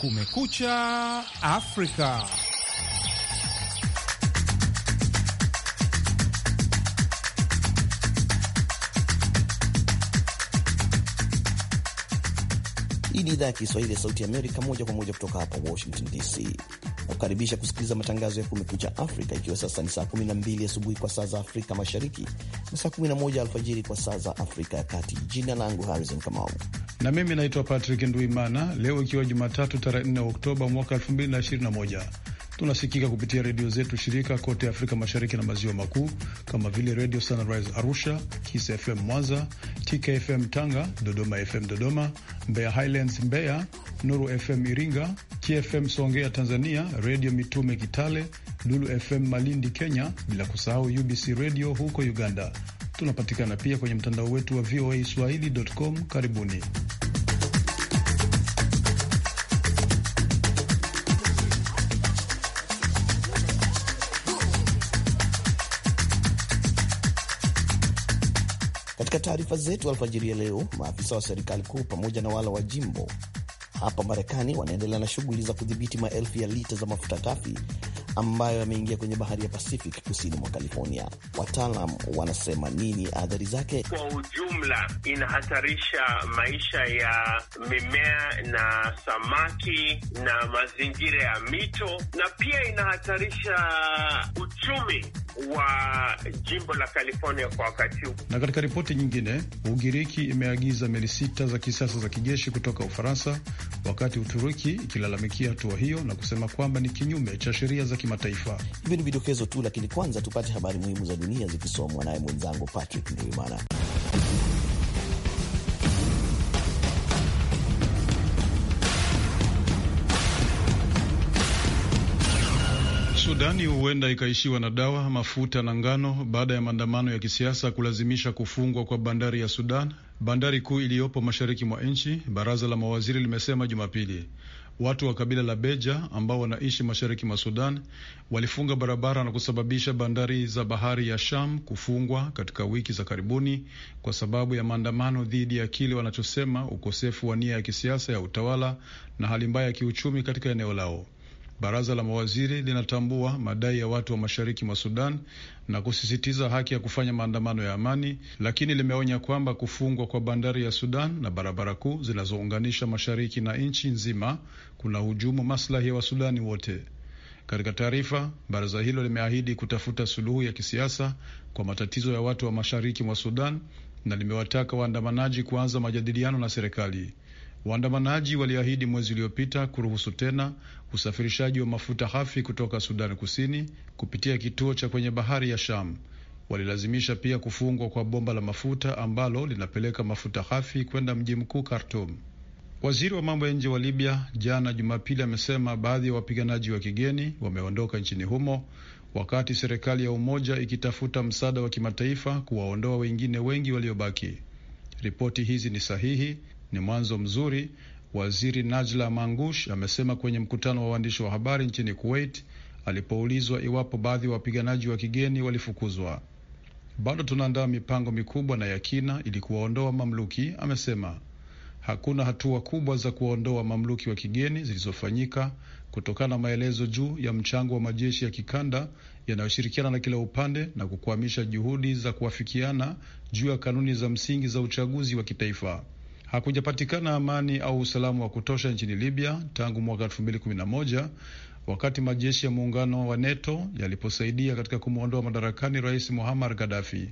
Kumekucha Afrika. Hii ni idhaa ya Kiswahili ya Sauti ya Amerika, moja kwa moja kutoka hapa Washington DC kukaribisha kusikiliza matangazo ya Kumekucha Afrika, ikiwa sasa ni saa 12 asubuhi kwa saa za Afrika Mashariki na saa 11 alfajiri kwa saa za Afrika ya Kati. Jina langu Harrison Kamau na mimi naitwa Patrick nduimana Leo ikiwa Jumatatu tarehe 4 Oktoba mwaka 2021 Tunasikika kupitia redio zetu shirika kote Afrika Mashariki na Maziwa Makuu, kama vile Radio Sunrise Arusha, Kis FM Mwanza, TKFM Tanga, Dodoma FM Dodoma, Mbeya Highlands Mbeya, Nuru FM Iringa, KFM Songea Tanzania, Redio Mitume Kitale, Lulu FM Malindi Kenya, bila kusahau UBC Radio huko Uganda. Tunapatikana pia kwenye mtandao wetu wa VOA Swahili.com. Karibuni. Katika taarifa zetu alfajiri ya leo, maafisa wa serikali kuu pamoja na wale wa jimbo hapa Marekani wanaendelea na shughuli za kudhibiti maelfu ya lita za mafuta ghafi ambayo yameingia kwenye bahari ya Pacific kusini mwa California. Wataalam wanasema nini athari zake? Kwa ujumla, inahatarisha maisha ya mimea na samaki na mazingira ya mito, na pia inahatarisha uchumi wa jimbo la California kwa wakati huu. Na katika ripoti nyingine, Ugiriki imeagiza meli sita za kisasa za kijeshi kutoka Ufaransa, wakati Uturuki ikilalamikia hatua hiyo na kusema kwamba ni kinyume cha sheria za kimataifa. Hivi ni vidokezo tu, lakini kwanza tupate habari muhimu za dunia zikisomwa naye mwenzangu Patrick Ndwimana. Sudani huenda ikaishiwa na dawa, mafuta na ngano baada ya maandamano ya kisiasa kulazimisha kufungwa kwa bandari ya Sudan, bandari kuu iliyopo mashariki mwa nchi, baraza la mawaziri limesema Jumapili. Watu wa kabila la Beja ambao wanaishi mashariki mwa Sudan walifunga barabara na kusababisha bandari za bahari ya Sham kufungwa katika wiki za karibuni kwa sababu ya maandamano dhidi ya kile wanachosema ukosefu wa nia ya kisiasa ya utawala na hali mbaya ya kiuchumi katika eneo lao. Baraza la mawaziri linatambua madai ya watu wa mashariki mwa Sudan na kusisitiza haki ya kufanya maandamano ya amani, lakini limeonya kwamba kufungwa kwa bandari ya Sudan na barabara kuu zinazounganisha mashariki na nchi nzima kuna hujumu maslahi ya Wasudani wote. Katika taarifa, baraza hilo limeahidi kutafuta suluhu ya kisiasa kwa matatizo ya watu wa mashariki mwa Sudan na limewataka waandamanaji kuanza majadiliano na serikali. Waandamanaji waliahidi mwezi uliopita kuruhusu tena usafirishaji wa mafuta hafi kutoka Sudani Kusini kupitia kituo cha kwenye bahari ya Sham. Walilazimisha pia kufungwa kwa bomba la mafuta ambalo linapeleka mafuta hafi kwenda mji mkuu khartum Waziri wa mambo ya nje wa Libya jana Jumapili amesema baadhi ya wapiganaji wa kigeni wameondoka nchini humo wakati serikali ya umoja ikitafuta msaada wa kimataifa kuwaondoa wengine wengi waliobaki. Ripoti hizi ni sahihi ni mwanzo mzuri, waziri Najla Mangush amesema kwenye mkutano wa waandishi wa habari nchini Kuwait alipoulizwa iwapo baadhi ya wapiganaji wa kigeni walifukuzwa. Bado tunaandaa mipango mikubwa na ya kina ili kuwaondoa mamluki, amesema. Hakuna hatua kubwa za kuwaondoa mamluki wa kigeni zilizofanyika kutokana na maelezo juu ya mchango wa majeshi ya kikanda yanayoshirikiana na kila upande na kukwamisha juhudi za kuafikiana juu ya kanuni za msingi za uchaguzi wa kitaifa. Hakujapatikana amani au usalama wa kutosha nchini Libya tangu mwaka 2011 wakati majeshi ya muungano wa NATO yaliposaidia katika kumwondoa madarakani Rais muhamar Gaddafi.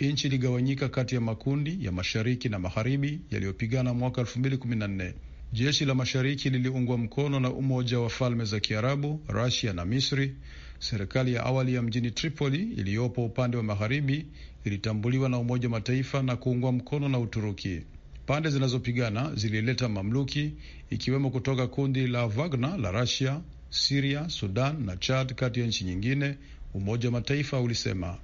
Nchi iligawanyika kati ya makundi ya mashariki na magharibi yaliyopigana mwaka 2014. Jeshi la mashariki liliungwa mkono na Umoja wa Falme za Kiarabu, Rasia na Misri. Serikali ya awali ya mjini Tripoli iliyopo upande wa magharibi ilitambuliwa na Umoja wa Mataifa na kuungwa mkono na Uturuki. Pande zinazopigana zilileta mamluki ikiwemo kutoka kundi la Wagner la Russia, Siria, Sudan na Chad, kati ya nchi nyingine, Umoja wa Mataifa ulisema.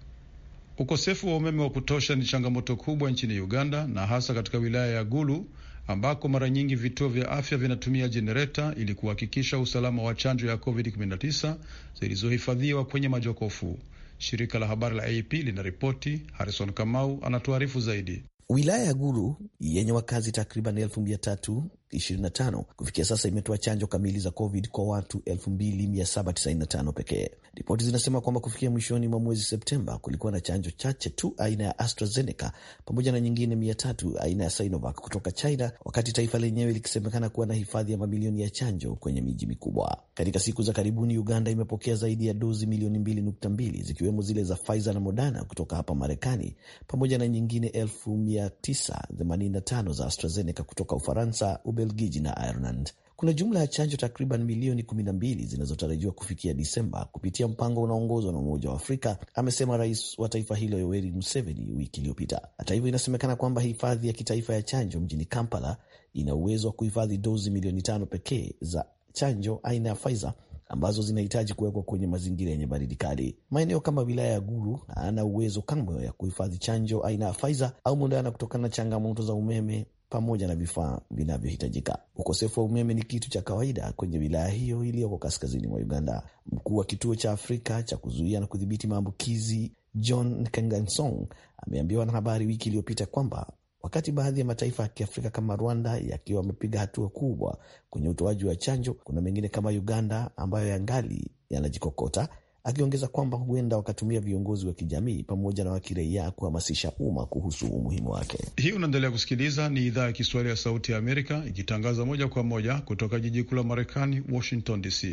Ukosefu wa umeme wa kutosha ni changamoto kubwa nchini Uganda na hasa katika wilaya ya Gulu ambako mara nyingi vituo vya afya vinatumia jenereta ili kuhakikisha usalama wa chanjo ya COVID-19 zilizohifadhiwa kwenye majokofu. Shirika la habari la AP linaripoti. Harrison Kamau anatuarifu zaidi. Wilaya ya Gulu yenye wakazi takriban elfu mia tatu 25 kufikia sasa imetoa chanjo kamili za COVID kwa watu 2795 pekee. Ripoti zinasema kwamba kufikia mwishoni mwa mwezi Septemba kulikuwa na chanjo chache tu aina ya AstraZeneca pamoja na nyingine 300 aina ya Sinovac kutoka China, wakati taifa lenyewe likisemekana kuwa na hifadhi ya mamilioni ya chanjo kwenye miji mikubwa. Katika siku za karibuni, Uganda imepokea zaidi ya dozi milioni 2.2 zikiwemo zile za Pfizer na Moderna kutoka hapa Marekani pamoja na nyingine el985 za AstraZeneca kutoka Ufaransa, Ubelgiji na Ireland. Kuna jumla ya chanjo takriban milioni kumi na mbili zinazotarajiwa kufikia Disemba kupitia mpango unaoongozwa na Umoja wa Afrika, amesema rais wa taifa hilo Yoweri Museveni wiki iliyopita. Hata hivyo, inasemekana kwamba hifadhi ya kitaifa ya chanjo mjini Kampala ina uwezo wa kuhifadhi dozi milioni tano pekee za chanjo aina ya Pfizer ambazo zinahitaji kuwekwa kwenye mazingira yenye baridi kali. Maeneo kama wilaya ya guru hayana uwezo kamwe ya kuhifadhi chanjo aina ya Pfizer au Moderna kutokana na changamoto za umeme pamoja na vifaa vinavyohitajika. Ukosefu wa umeme ni kitu cha kawaida kwenye wilaya hiyo iliyoko kaskazini mwa Uganda. Mkuu wa kituo cha Afrika cha kuzuia na kudhibiti maambukizi John Nkengansong ameambia wanahabari wiki iliyopita kwamba wakati baadhi ya mataifa ya Kiafrika kama Rwanda yakiwa amepiga hatua kubwa kwenye utoaji wa chanjo, kuna mengine kama Uganda ambayo yangali yanajikokota akiongeza kwamba huenda wakatumia viongozi wa kijamii pamoja na wakiraia kuhamasisha umma kuhusu umuhimu wake. Hii unaendelea kusikiliza, ni idhaa ya Kiswahili ya Sauti ya Amerika ikitangaza moja kwa moja kutoka jiji kuu la Marekani, Washington DC.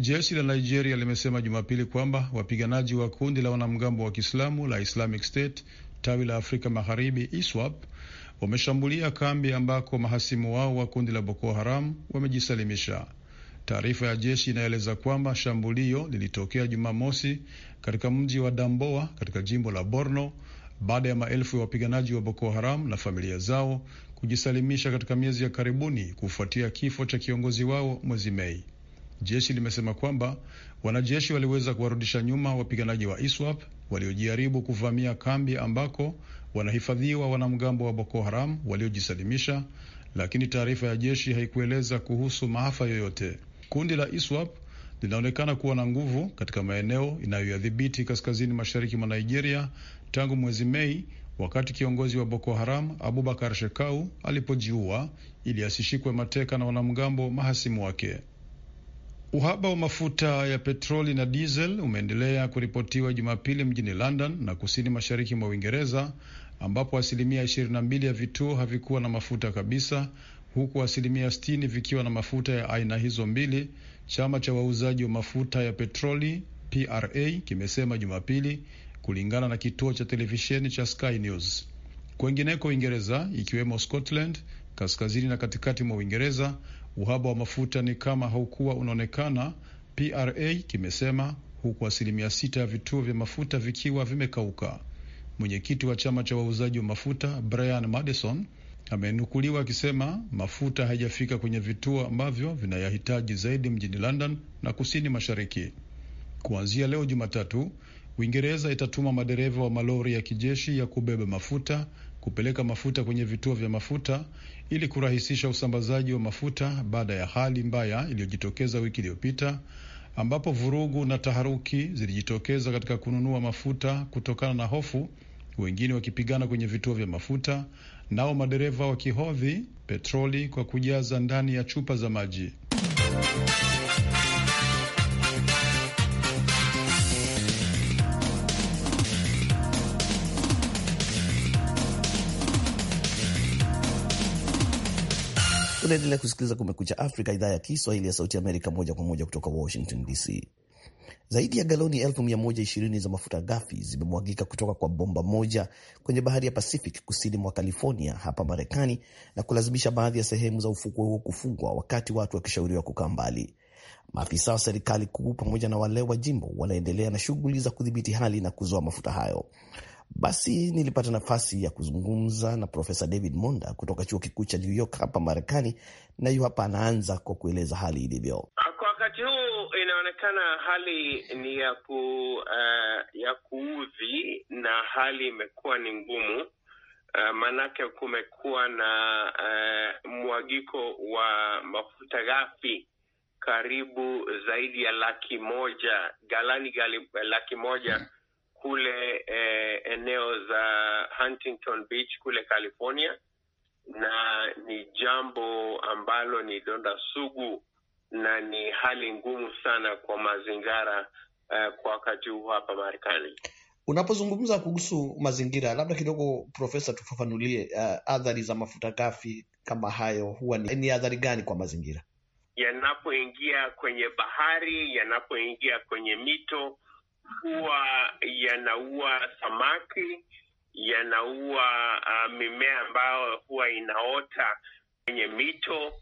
Jeshi la Nigeria limesema Jumapili kwamba wapiganaji wa kundi la wanamgambo wa Kiislamu la Islamic State tawi la Afrika Magharibi ISWAP wameshambulia kambi ambako mahasimu wao wa kundi la Boko Haram wamejisalimisha. Taarifa ya jeshi inaeleza kwamba shambulio lilitokea Jumamosi katika mji wa Damboa katika jimbo la Borno baada ya maelfu ya wapiganaji wa Boko Haram na familia zao kujisalimisha katika miezi ya karibuni kufuatia kifo cha kiongozi wao mwezi Mei. Jeshi limesema kwamba wanajeshi waliweza kuwarudisha nyuma wapiganaji wa ISWAP waliojaribu kuvamia kambi ambako wanahifadhiwa wanamgambo wa Boko Haram waliojisalimisha, lakini taarifa ya jeshi haikueleza kuhusu maafa yoyote. Kundi la ISWAP linaonekana kuwa na nguvu katika maeneo inayoyadhibiti kaskazini mashariki mwa Nigeria tangu mwezi Mei, wakati kiongozi wa Boko Haram Abubakar Shekau alipojiua ili asishikwe mateka na wanamgambo mahasimu wake. Uhaba wa mafuta ya petroli na diesel umeendelea kuripotiwa Jumapili mjini London na kusini mashariki mwa Uingereza, ambapo asilimia 22 ya vituo havikuwa na mafuta kabisa huku asilimia 60 vikiwa na mafuta ya aina hizo mbili. Chama cha wauzaji wa mafuta ya petroli PRA kimesema Jumapili, kulingana na kituo cha televisheni cha Sky News. Kwengineko Uingereza, ikiwemo Scotland, kaskazini na katikati mwa Uingereza, uhaba wa mafuta ni kama haukuwa unaonekana, PRA kimesema, huku asilimia sita ya vituo vya mafuta vikiwa vimekauka. Mwenyekiti wa chama cha wauzaji wa mafuta Brian Madison amenukuliwa akisema mafuta hayajafika kwenye vituo ambavyo vinayahitaji zaidi mjini London na kusini mashariki. Kuanzia leo Jumatatu, Uingereza itatuma madereva wa malori ya kijeshi ya kubeba mafuta kupeleka mafuta kwenye vituo vya mafuta ili kurahisisha usambazaji wa mafuta baada ya hali mbaya iliyojitokeza wiki iliyopita ambapo vurugu na taharuki zilijitokeza katika kununua mafuta kutokana na hofu, wengine wakipigana kwenye vituo vya mafuta nao madereva wakihodhi petroli kwa kujaza ndani ya chupa za maji. Unaendelea kusikiliza Kumekucha Afrika, idhaa ya Kiswahili ya Sauti Amerika, moja kwa moja kutoka Washington DC. Zaidi ya galoni 120 za mafuta ghafi zimemwagika kutoka kwa bomba moja kwenye bahari ya Pacific kusini mwa California hapa Marekani na kulazimisha baadhi ya sehemu za ufukwe huo kufungwa wakati watu wakishauriwa kukaa mbali. Maafisa wa serikali kuu pamoja na wale wa jimbo wanaendelea na shughuli za kudhibiti hali na kuzoa mafuta hayo. Basi nilipata nafasi ya kuzungumza na Profesa David Monda kutoka chuo kikuu cha New York hapa Marekani, na yu hapa anaanza kwa kueleza hali ilivyo inaonekana hali ni ya ku, uh, ya kuudhi na hali imekuwa ni ngumu uh, eh, maanake kumekuwa na uh, mwagiko wa mafuta ghafi karibu zaidi ya laki moja galani gali, laki moja kule eh, eneo za Huntington Beach kule California, na ni jambo ambalo ni donda sugu na ni hali ngumu sana kwa mazingira uh, eh, kwa wakati huu hapa Marekani. Unapozungumza kuhusu mazingira, labda kidogo Profesa, tufafanulie uh, athari za mafuta ghafi kama hayo huwa ni, ni athari gani kwa mazingira yanapoingia kwenye bahari, yanapoingia kwenye mito, huwa yanaua samaki, yanaua uh, mimea ambayo huwa inaota kwenye mito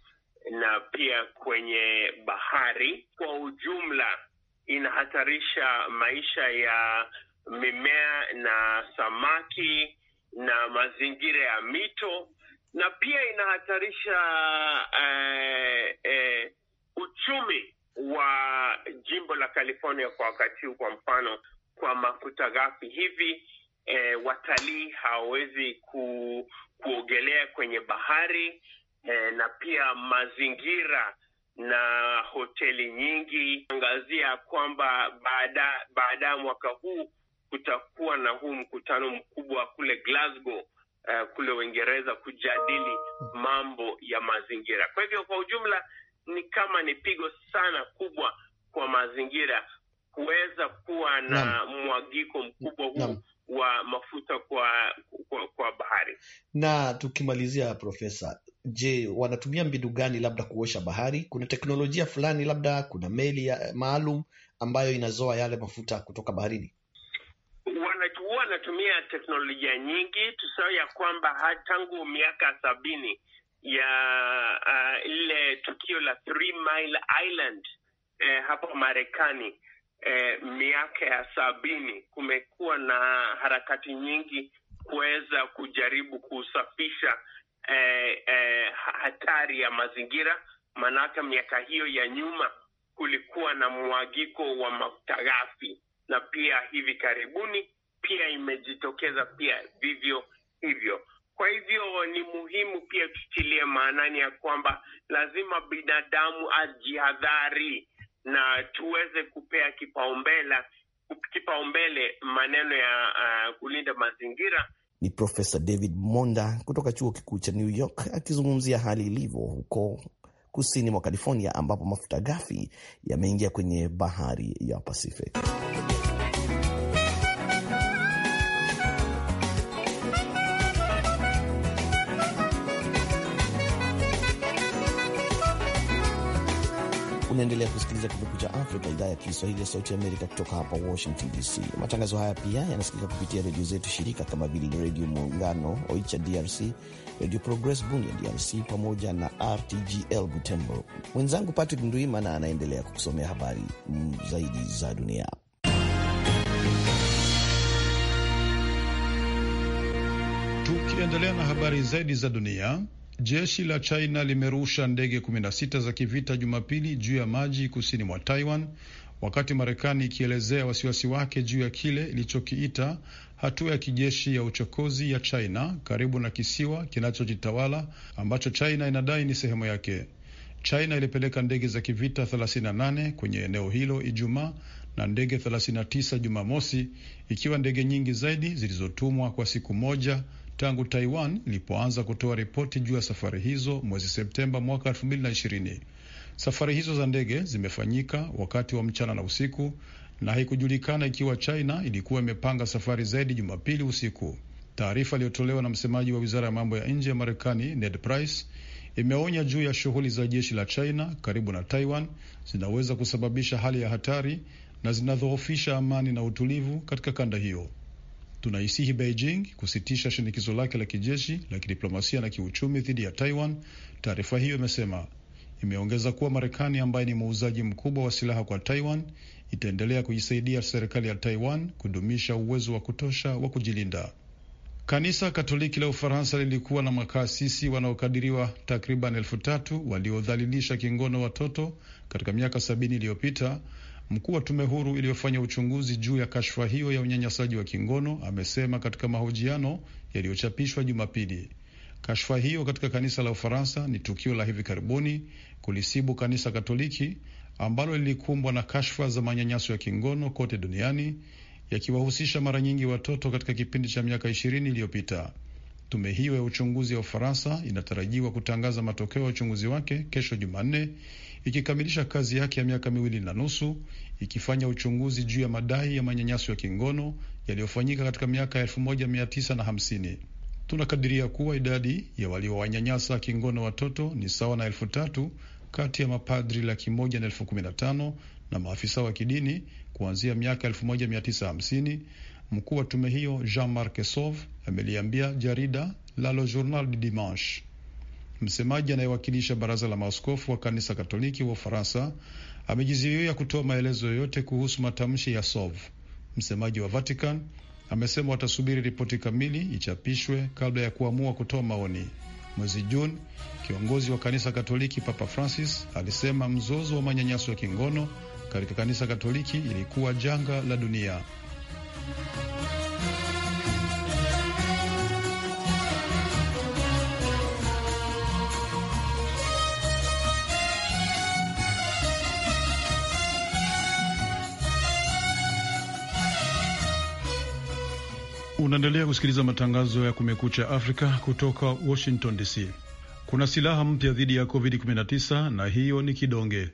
na pia kwenye bahari. Kwa ujumla, inahatarisha maisha ya mimea na samaki na mazingira ya mito, na pia inahatarisha eh, eh, uchumi wa jimbo la California kwa wakati huu. Kwa mfano, kwa mafuta ghafi hivi eh, watalii hawawezi ku, kuogelea kwenye bahari eh, na pia mazingira na hoteli nyingi angazia kwamba baada baada ya mwaka huu kutakuwa na huu mkutano mkubwa kule Glasgow uh, kule Uingereza kujadili mambo ya mazingira. Kwa hivyo kwa ujumla ni kama ni pigo sana kubwa kwa mazingira kuweza kuwa na mwagiko mkubwa huu Nam. wa mafuta kwa, kwa, kwa bahari. Na tukimalizia, Profesa, je, wanatumia mbinu gani labda kuosha bahari? Kuna teknolojia fulani labda, kuna meli maalum ambayo inazoa yale mafuta kutoka baharini? Wanachua wanatumia teknolojia nyingi, tusao ya kwamba tangu miaka sabini ya uh, ile tukio la Three Mile Island eh, hapo Marekani eh, miaka ya sabini kumekuwa na harakati nyingi kuweza kujaribu kusafisha eh, eh, hatari ya mazingira, maanake miaka hiyo ya nyuma kulikuwa na mwagiko wa mafuta ghafi, na pia hivi karibuni pia imejitokeza pia vivyo hivyo. Kwa hivyo ni muhimu pia tutilie maanani ya kwamba lazima binadamu ajihadhari na tuweze kupea kipaumbele kipaumbele maneno ya uh, kulinda mazingira ni Profesa David Monda kutoka chuo kikuu cha New York akizungumzia hali ilivyo huko kusini mwa California ambapo mafuta ghafi yameingia kwenye bahari ya Pacific. Unaendelea kusikiliza Kumekucha Afrika, idhaa ya Kiswahili ya Sauti Amerika kutoka hapa Washington DC. Matangazo haya pia yanasikika kupitia redio zetu shirika kama vile Redio Muungano Oicha DRC, Redio Progress Bunia DRC, pamoja na RTGL Butembo. Mwenzangu Patrick na anaendelea kukusomea habari zaidi za dunia. Tukiendelea na habari zaidi za dunia Jeshi la China limerusha ndege 16 za kivita Jumapili juu ya maji kusini mwa Taiwan, wakati Marekani ikielezea wasiwasi wake juu ya kile ilichokiita hatua ya kijeshi ya uchokozi ya China karibu na kisiwa kinachojitawala ambacho China inadai ni sehemu yake. China ilipeleka ndege za kivita 38 kwenye eneo hilo Ijumaa na ndege 39 Jumamosi, ikiwa ndege nyingi zaidi zilizotumwa kwa siku moja tangu Taiwan ilipoanza kutoa ripoti juu ya safari hizo mwezi Septemba mwaka 2020. Safari hizo za ndege zimefanyika wakati wa mchana na usiku, na haikujulikana ikiwa China ilikuwa imepanga safari zaidi Jumapili usiku. Taarifa iliyotolewa na msemaji wa wizara ya mambo ya nje ya Marekani Ned Price imeonya juu ya shughuli za jeshi la China karibu na Taiwan zinaweza kusababisha hali ya hatari na zinadhoofisha amani na utulivu katika kanda hiyo tunaisihi Beijing kusitisha shinikizo lake la kijeshi la kidiplomasia na kiuchumi dhidi ya Taiwan, taarifa hiyo imesema. Imeongeza kuwa Marekani ambaye ni muuzaji mkubwa wa silaha kwa Taiwan itaendelea kuisaidia serikali ya Taiwan kudumisha uwezo wa kutosha wa kujilinda. Kanisa Katoliki la Ufaransa lilikuwa na makasisi wanaokadiriwa takriban elfu tatu waliodhalilisha kingono watoto katika miaka sabini iliyopita Mkuu wa tume huru iliyofanya uchunguzi juu ya kashfa hiyo ya unyanyasaji wa kingono amesema katika mahojiano yaliyochapishwa Jumapili. Kashfa hiyo katika kanisa la Ufaransa ni tukio la hivi karibuni kulisibu kanisa Katoliki ambalo lilikumbwa na kashfa za manyanyaso ya kingono kote duniani yakiwahusisha mara nyingi watoto katika kipindi cha miaka ishirini iliyopita. Tume hiyo ya uchunguzi ya Ufaransa inatarajiwa kutangaza matokeo ya uchunguzi wake kesho Jumanne, ikikamilisha kazi yake ya miaka miwili na nusu ikifanya uchunguzi juu ya madai ya manyanyaso ya kingono yaliyofanyika katika miaka ya elfu moja mia tisa na hamsini. Tunakadiria kuwa idadi ya waliowanyanyasa kingono watoto ni sawa na elfu tatu kati ya mapadri laki moja na elfu kumi na tano na maafisa wa kidini kuanzia miaka elfu moja mia tisa hamsini. Mkuu wa tume hiyo Jean Marc Sauve ameliambia jarida la Le Journal du Dimanche. Msemaji anayewakilisha baraza la maaskofu wa kanisa Katoliki wa Ufaransa amejizuia kutoa maelezo yoyote kuhusu matamshi ya Sov. Msemaji wa Vatican amesema watasubiri ripoti kamili ichapishwe kabla ya kuamua kutoa maoni. Mwezi Juni, kiongozi wa kanisa Katoliki Papa Francis alisema mzozo wa manyanyaso ya kingono katika kanisa Katoliki ilikuwa janga la dunia. Unaendelea kusikiliza matangazo ya Kumekucha Afrika kutoka Washington DC. Kuna silaha mpya dhidi ya COVID-19 na hiyo ni kidonge.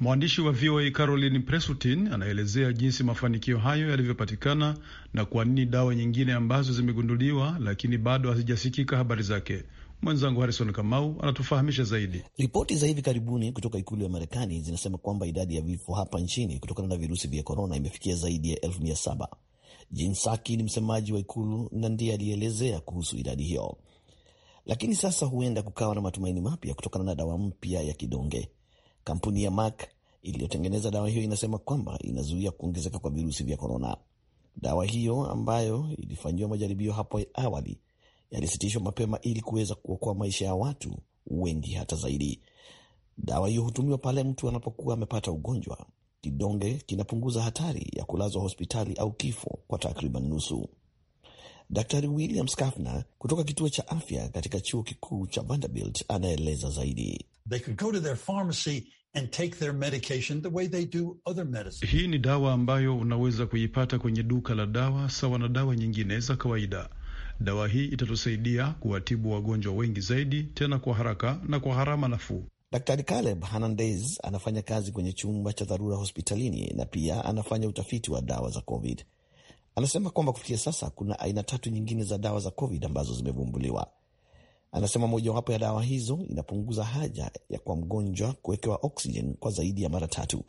Mwandishi wa VOA Caroline Presutin anaelezea jinsi mafanikio hayo yalivyopatikana na kwa nini dawa nyingine ambazo zimegunduliwa lakini bado hazijasikika habari zake. Mwenzangu Harison Kamau anatufahamisha zaidi. Ripoti za hivi karibuni kutoka ikulu ya Marekani zinasema kwamba idadi ya vifo hapa nchini kutokana na virusi vya korona imefikia zaidi ya elfu mia saba. Jen ni msemaji wa ikulu na ndiye alielezea kuhusu idadi hiyo. Lakini sasa huenda kukawa na matumaini mapya kutokana na dawa mpya ya kidonge. Kampuni ya Merck iliyotengeneza dawa hiyo inasema kwamba inazuia kuongezeka kwa virusi vya korona. Dawa hiyo ambayo ilifanyiwa majaribio hapo awali yalisitishwa mapema ili kuweza kuokoa maisha ya watu wengi hata zaidi. Dawa hiyo hutumiwa pale mtu anapokuwa amepata ugonjwa Kidonge kinapunguza hatari ya kulazwa hospitali au kifo kwa takriban nusu. Daktari William Schaffner kutoka kituo cha afya katika chuo kikuu cha Vanderbilt anaeleza zaidi. They could go to their pharmacy and take their medication the way they do other medicine. Hii ni dawa ambayo unaweza kuipata kwenye duka la dawa sawa na dawa nyingine za kawaida. Dawa hii itatusaidia kuwatibu wagonjwa wengi zaidi, tena kwa haraka na kwa gharama nafuu. Daktari Caleb Hernandez anafanya kazi kwenye chumba cha dharura hospitalini na pia anafanya utafiti wa dawa za COVID. Anasema kwamba kufikia sasa kuna aina tatu nyingine za dawa za COVID ambazo zimevumbuliwa. Anasema mojawapo ya dawa hizo inapunguza haja ya kwa mgonjwa kuwekewa oksijen kwa zaidi ya mara tatu.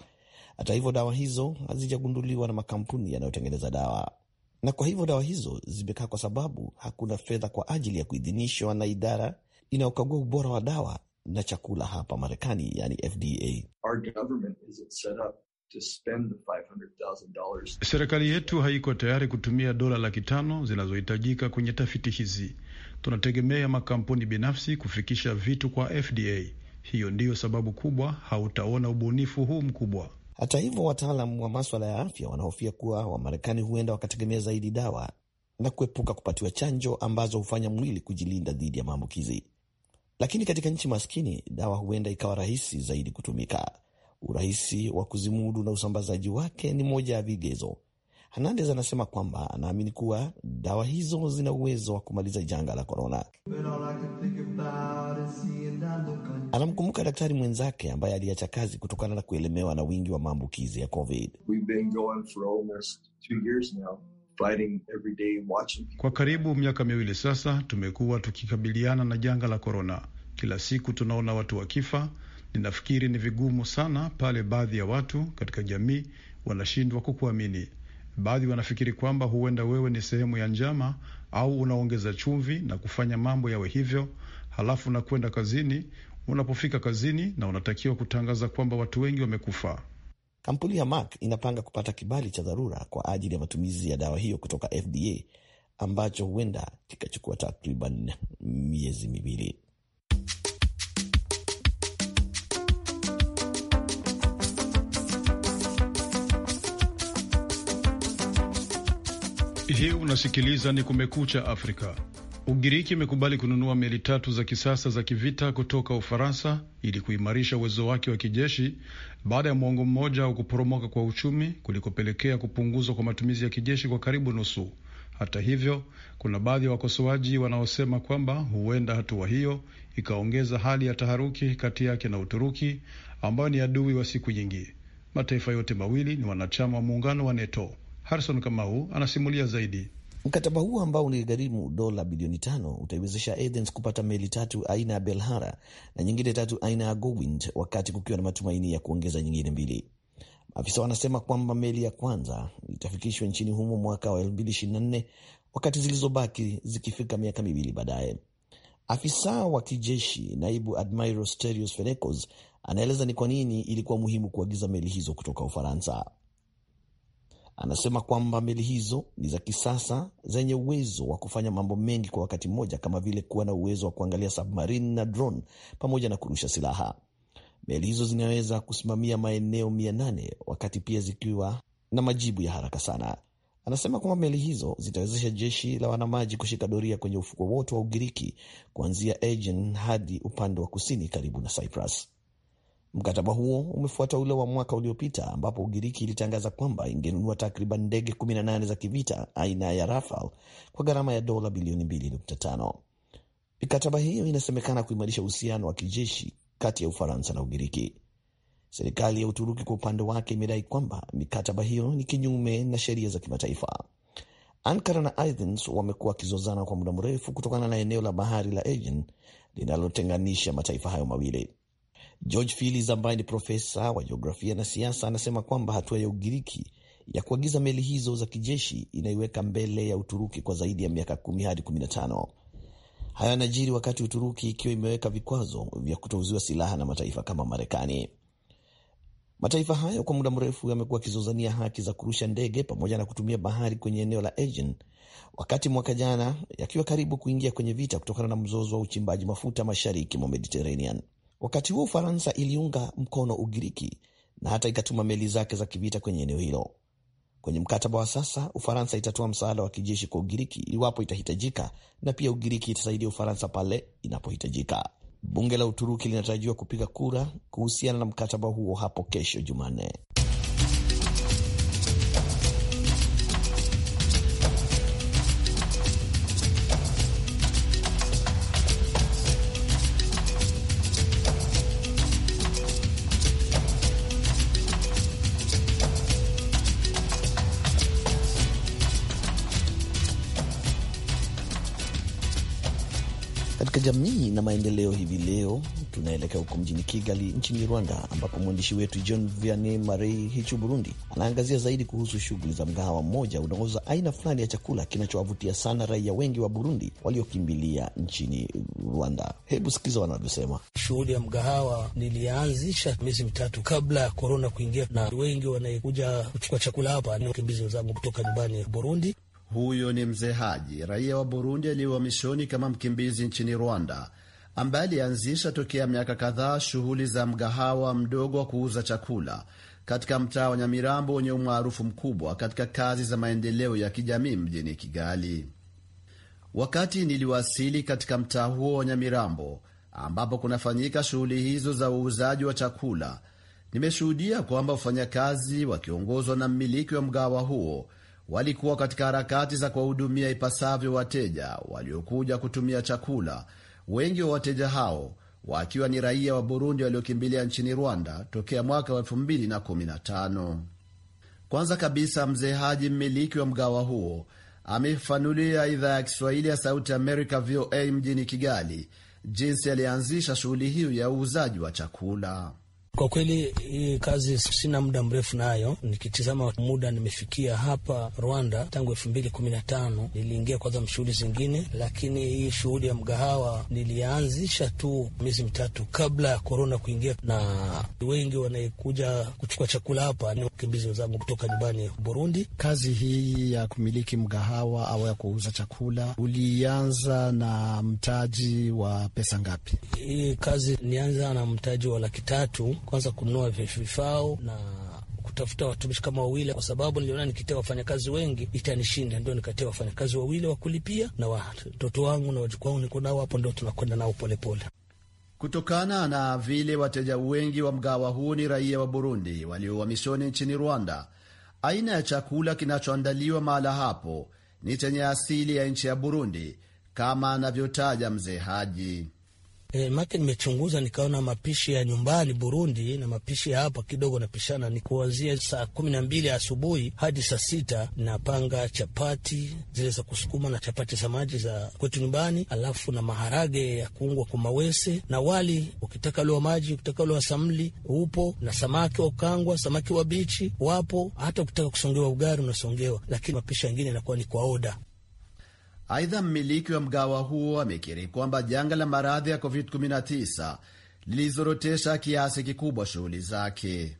Hata hivyo, dawa hizo hazijagunduliwa na makampuni yanayotengeneza dawa, na kwa hivyo dawa hizo zimekaa kwa sababu hakuna fedha kwa ajili ya kuidhinishwa na idara inayokagua ubora wa dawa na chakula hapa Marekani, yani FDA. Serikali yetu haiko tayari kutumia dola laki tano zinazohitajika kwenye tafiti hizi. Tunategemea makampuni binafsi kufikisha vitu kwa FDA. Hiyo ndiyo sababu kubwa hautaona ubunifu huu mkubwa. Hata hivyo, wataalam wa maswala ya afya wanahofia kuwa Wamarekani huenda wakategemea zaidi dawa na kuepuka kupatiwa chanjo ambazo hufanya mwili kujilinda dhidi ya maambukizi lakini katika nchi maskini dawa huenda ikawa rahisi zaidi kutumika. Urahisi wa kuzimudu na usambazaji wake ni moja ya vigezo. Hernandez anasema kwamba anaamini kuwa dawa hizo zina uwezo wa kumaliza janga la korona. Anamkumbuka daktari mwenzake ambaye aliacha kazi kutokana na kuelemewa na wingi wa maambukizi ya COVID. We've been going for almost two years now. Kwa karibu miaka miwili sasa tumekuwa tukikabiliana na janga la korona. Kila siku tunaona watu wakifa. Ninafikiri ni vigumu sana pale baadhi ya watu katika jamii wanashindwa kukuamini. Baadhi wanafikiri kwamba huenda wewe ni sehemu ya njama au unaongeza chumvi na kufanya mambo yawe hivyo, halafu unakwenda kazini. Unapofika kazini na unatakiwa kutangaza kwamba watu wengi wamekufa Kampuni ya Merck inapanga kupata kibali cha dharura kwa ajili ya matumizi ya dawa hiyo kutoka FDA ambacho huenda kikachukua takriban miezi miwili. Hii unasikiliza ni Kumekucha Afrika. Ugiriki imekubali kununua meli tatu za kisasa za kivita kutoka Ufaransa ili kuimarisha uwezo wake wa kijeshi baada ya mwongo mmoja wa kuporomoka kwa uchumi kulikopelekea kupunguzwa kwa matumizi ya kijeshi kwa karibu nusu. Hata hivyo, kuna baadhi ya wakosoaji wanaosema kwamba huenda hatua hiyo ikaongeza hali ya taharuki kati yake na Uturuki ambayo ni adui wa siku nyingi. Mataifa yote mawili ni wanachama wa muungano wa NATO. Harison Kamau anasimulia zaidi. Mkataba huo ambao uligharimu dola bilioni tano utaiwezesha Athens kupata meli tatu aina ya Belhara na nyingine tatu aina ya Gowind, wakati kukiwa na matumaini ya kuongeza nyingine mbili. Maafisa wanasema kwamba meli ya kwanza itafikishwa nchini humo mwaka wa 2024 wakati zilizobaki zikifika miaka miwili baadaye. Afisa wa kijeshi naibu admiral Sterios Fenecos anaeleza ni kwa nini ilikuwa muhimu kuagiza meli hizo kutoka Ufaransa. Anasema kwamba meli hizo ni za kisasa zenye uwezo wa kufanya mambo mengi kwa wakati mmoja, kama vile kuwa na uwezo wa kuangalia submarine na drone pamoja na kurusha silaha. Meli hizo zinaweza kusimamia maeneo mia nane wakati pia zikiwa na majibu ya haraka sana. Anasema kwamba meli hizo zitawezesha jeshi la wanamaji kushika doria kwenye ufukwo wote wa Ugiriki kuanzia Aegean hadi upande wa kusini karibu na Cyprus. Mkataba huo umefuata ule wa mwaka uliopita ambapo Ugiriki ilitangaza kwamba ingenunua takriban ndege 18 za kivita aina ya Rafale kwa gharama ya dola bilioni 2.5. Mikataba hiyo inasemekana kuimarisha uhusiano wa kijeshi kati ya Ufaransa na Ugiriki. Serikali ya Uturuki kwa upande wake imedai kwamba mikataba hiyo ni kinyume na sheria za kimataifa. Ankara na Athens wamekuwa wakizozana kwa muda mrefu kutokana na eneo la bahari la Aegean linalotenganisha mataifa hayo mawili. George Phillips ambaye ni profesa wa jiografia na siasa anasema kwamba hatua ya Ugiriki ya kuagiza meli hizo za kijeshi inaiweka mbele ya Uturuki kwa zaidi ya miaka kumi hadi 15. Hayo yanajiri wakati Uturuki ikiwa imeweka vikwazo vya kutouziwa silaha na mataifa kama Marekani. Mataifa hayo kwa muda mrefu yamekuwa akizozania haki za kurusha ndege pamoja na kutumia bahari kwenye eneo la Aegean, wakati mwaka jana yakiwa karibu kuingia kwenye vita kutokana na mzozo wa uchimbaji mafuta mashariki mwa Mediterranean. Wakati huo Ufaransa iliunga mkono Ugiriki na hata ikatuma meli zake za kivita kwenye eneo hilo. Kwenye mkataba wa sasa, Ufaransa itatoa msaada wa kijeshi kwa Ugiriki iwapo itahitajika, na pia Ugiriki itasaidia Ufaransa pale inapohitajika. Bunge la Uturuki linatarajiwa kupiga kura kuhusiana na mkataba huo hapo kesho Jumanne. jamii na maendeleo, hivi leo tunaelekea huko mjini Kigali nchini Rwanda, ambapo mwandishi wetu John Vianney Marei Hichu Burundi anaangazia zaidi kuhusu shughuli za mgahawa mmoja unaouza aina fulani ya chakula kinachowavutia sana raia wengi wa Burundi waliokimbilia nchini Rwanda. Hebu sikiza wanavyosema. Shughuli ya mgahawa nilianzisha miezi mitatu kabla ya korona kuingia, na wengi wanaekuja kuchukua chakula hapa ni wakimbizi wenzangu kutoka nyumbani Burundi, huyo ni Mzee Haji, raia wa Burundi aliyehamishoni kama mkimbizi nchini Rwanda, ambaye alianzisha tokea miaka kadhaa shughuli za mgahawa mdogo wa kuuza chakula katika mtaa wa Nyamirambo wenye umaarufu mkubwa katika kazi za maendeleo ya kijamii mjini Kigali. Wakati niliwasili katika mtaa huo wa Nyamirambo ambapo kunafanyika shughuli hizo za uuzaji wa chakula, nimeshuhudia kwamba wafanyakazi wakiongozwa na mmiliki wa mgahawa huo walikuwa katika harakati za kuwahudumia ipasavyo wateja waliokuja kutumia chakula, wengi wa wateja hao wakiwa ni raia wa Burundi waliokimbilia nchini Rwanda tokea mwaka wa 2015. Kwanza kabisa Mzee Haji, mmiliki wa mgawa huo, amefanulia idhaa ya Kiswahili ya Sauti Amerika VOA mjini Kigali jinsi alianzisha shughuli hiyo ya uuzaji wa chakula. Kwa kweli hii kazi sina muda mrefu nayo, nikitizama muda nimefikia hapa Rwanda tangu elfu mbili kumi na tano niliingia kwanza mshughuli zingine, lakini hii shughuli ya mgahawa nilianzisha tu miezi mitatu kabla ya korona kuingia, na wengi wanaekuja kuchukua chakula hapa ni wakimbizi wenzangu kutoka nyumbani Burundi. Kazi hii ya kumiliki mgahawa au ya kuuza chakula ulianza na mtaji wa pesa ngapi? Hii kazi nianza na mtaji wa laki tatu kwanza kununua vifao na kutafuta watumishi kama wawili, kwa sababu niliona nikitia wafanyakazi wengi itanishinda, ndio nikatia wafanyakazi wawili wa kulipia, na watoto wangu na wajukuu wangu niko nao hapo, ndio tunakwenda nao polepole. Kutokana na vile wateja wengi wa mgawa huu ni raia wa Burundi walio waliohamishoni nchini Rwanda, aina ya chakula kinachoandaliwa mahala hapo ni chenye asili ya nchi ya Burundi, kama anavyotaja mzee Haji. E, eh, make nimechunguza nikaona mapishi ya nyumbani Burundi na mapishi ya hapa kidogo napishana. Ni kuanzia saa kumi na mbili asubuhi hadi saa sita napanga chapati zile za kusukuma na chapati za maji za kwetu nyumbani, alafu na maharage ya kuungwa kwa mawese na wali, ukitaka lua maji, ukitaka lua samli upo, na samaki wa ukangwa, samaki wa bichi wapo, hata ukitaka kusongewa ugari unasongewa, lakini mapishi mengine inakuwa ni kwa oda. Aidha, mmiliki wa mgawa huo amekiri kwamba janga la maradhi ya COVID-19 lilizorotesha kiasi kikubwa shughuli zake.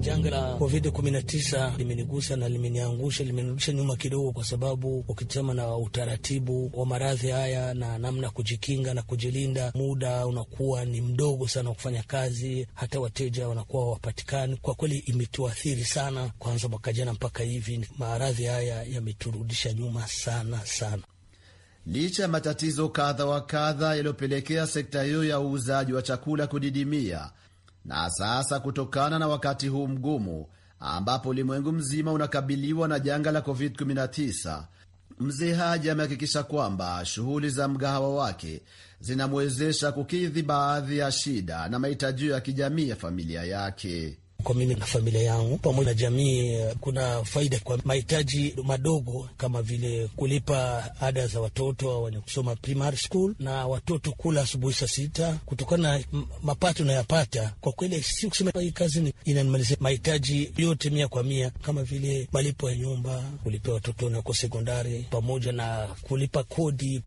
Janga la COVID-19 limenigusa na limeniangusha, limenirudisha nyuma kidogo, kwa sababu ukitizama na utaratibu wa maradhi haya na namna kujikinga na kujilinda, muda unakuwa ni mdogo sana wa kufanya kazi, hata wateja wanakuwa wapatikani Kwa kweli imetuathiri sana, kwanza mwaka jana mpaka hivi. Maradhi haya yameturudisha nyuma sana sana licha ya matatizo kadha wa kadha yaliyopelekea sekta hiyo ya uuzaji wa chakula kudidimia, na sasa kutokana na wakati huu mgumu ambapo ulimwengu mzima unakabiliwa na janga la COVID-19, Mzee Haji amehakikisha kwamba shughuli za mgahawa wake zinamwezesha kukidhi baadhi ya shida na mahitaji ya kijamii ya familia yake kwa mimi na familia yangu pamoja na jamii. Kuna faida kwa mahitaji madogo kama vile kulipa ada za watoto wenye kusoma primary school na watoto kula asubuhi saa sita. Kutokana na mapato unayapata, kwa kweli si kusema hii kazi inanimalizia mahitaji yote mia kwa mia, kama vile malipo ya nyumba, kulipia watoto nako sekondari, pamoja na kulipa kodi.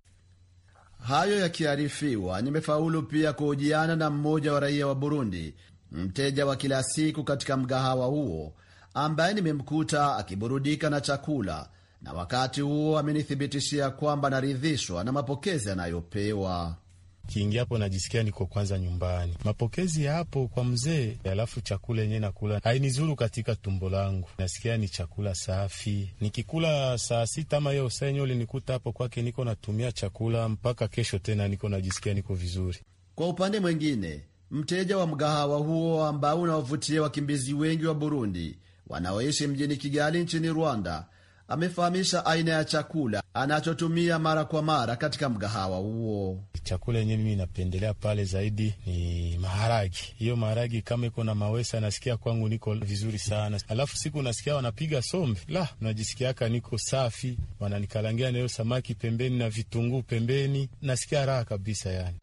Hayo yakiarifiwa, nimefaulu pia kuhojiana na mmoja wa raia wa Burundi mteja wa kila siku katika mgahawa huo ambaye nimemkuta akiburudika na chakula, na wakati huo amenithibitishia kwamba naridhishwa na mapokezi anayopewa. Kiingia hapo najisikia niko kwanza nyumbani, mapokezi hapo kwa mzee. Alafu chakula yenyewe nakula hainizuru katika tumbo langu, nasikia ni chakula safi. Nikikula saa sita ama hiyo saa yenyewe ulinikuta hapo kwake, niko natumia chakula mpaka kesho tena, niko najisikia niko vizuri. Kwa upande mwingine mteja wa mgahawa huo ambao unawavutia wakimbizi wengi wa Burundi wanaoishi mjini Kigali nchini Rwanda amefahamisha aina ya chakula anachotumia mara kwa mara katika mgahawa huo. Chakula yenyewe mimi napendelea pale zaidi ni maharagi. Hiyo maharagi kama iko na mawesa, nasikia kwangu niko vizuri sana. Alafu siku nasikia wanapiga sombe, la najisikiaka niko safi. Wananikalangia nayo samaki pembeni na vitunguu pembeni, nasikia raha kabisa yani.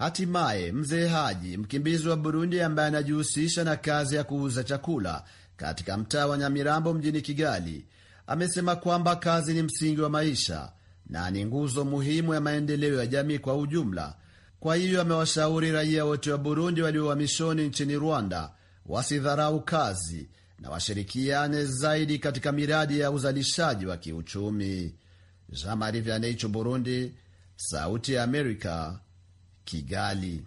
Hatimaye mzee Haji, mkimbizi wa Burundi ambaye anajihusisha na kazi ya kuuza chakula katika mtaa wa Nyamirambo mjini Kigali, amesema kwamba kazi ni msingi wa maisha na ni nguzo muhimu ya maendeleo ya jamii kwa ujumla. Kwa hiyo amewashauri raia wote wa Burundi waliohamishoni nchini Rwanda wasidharau kazi na washirikiane zaidi katika miradi ya uzalishaji wa kiuchumi. Jean Marie Vianney, Burundi, Sauti ya Amerika, Kigali.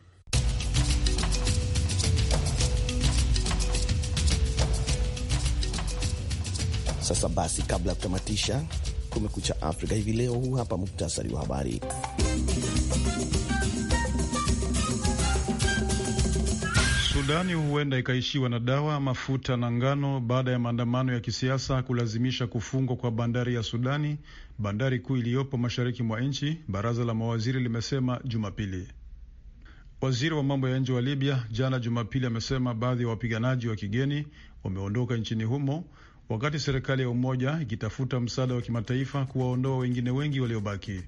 Sasa basi, kabla ya kutamatisha Kumekucha Afrika hivi leo, huu hapa muktasari wa habari. Sudani huenda ikaishiwa na dawa, mafuta na ngano baada ya maandamano ya kisiasa kulazimisha kufungwa kwa bandari ya Sudani, bandari kuu iliyopo mashariki mwa nchi, baraza la mawaziri limesema Jumapili. Waziri wa mambo ya nje wa Libya jana Jumapili amesema baadhi ya wapiganaji wa kigeni wameondoka nchini humo wakati serikali ya umoja ikitafuta msaada wa kimataifa kuwaondoa wengine wengi waliobaki.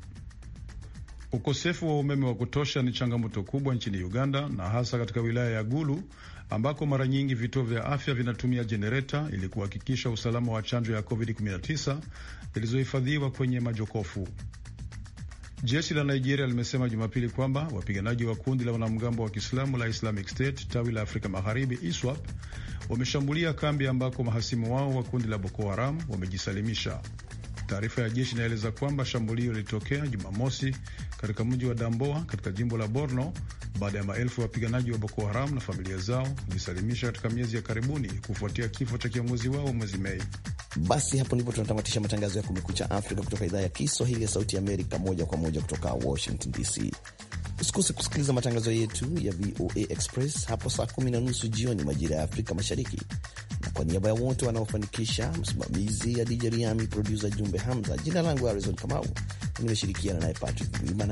Ukosefu wa umeme wa kutosha ni changamoto kubwa nchini Uganda na hasa katika wilaya ya Gulu ambako mara nyingi vituo vya afya vinatumia jenereta ili kuhakikisha usalama wa chanjo ya COVID-19 zilizohifadhiwa kwenye majokofu. Jeshi la Nigeria limesema Jumapili kwamba wapiganaji wa kundi la wanamgambo wa Kiislamu la Islamic State tawi la Afrika Magharibi ISWAP wameshambulia kambi ambako mahasimu wao wa kundi la Boko Haram wamejisalimisha. Taarifa ya jeshi inaeleza kwamba shambulio lilitokea Jumamosi katika mji wa Damboa katika jimbo la Borno baada ya maelfu ya wapiganaji wa Boko Haram na familia zao kujisalimisha katika miezi ya karibuni kufuatia kifo cha kiongozi wao mwezi Mei. Basi hapo ndipo tunatamatisha matangazo ya Kumekucha Afrika kutoka idhaa ya Kiswahili ya Sauti Amerika, moja kwa moja kutoka Washington DC. Usikose kusikiliza matangazo yetu ya VOA Express hapo saa kumi na nusu jioni majira ya Afrika Mashariki. Na kwa niaba ya wote wanaofanikisha, msimamizi ya DJ Riami, produsa Jumbe Hamza, jina langu Harizon Kamau, nimeshirikiana naye Patrick Wimana.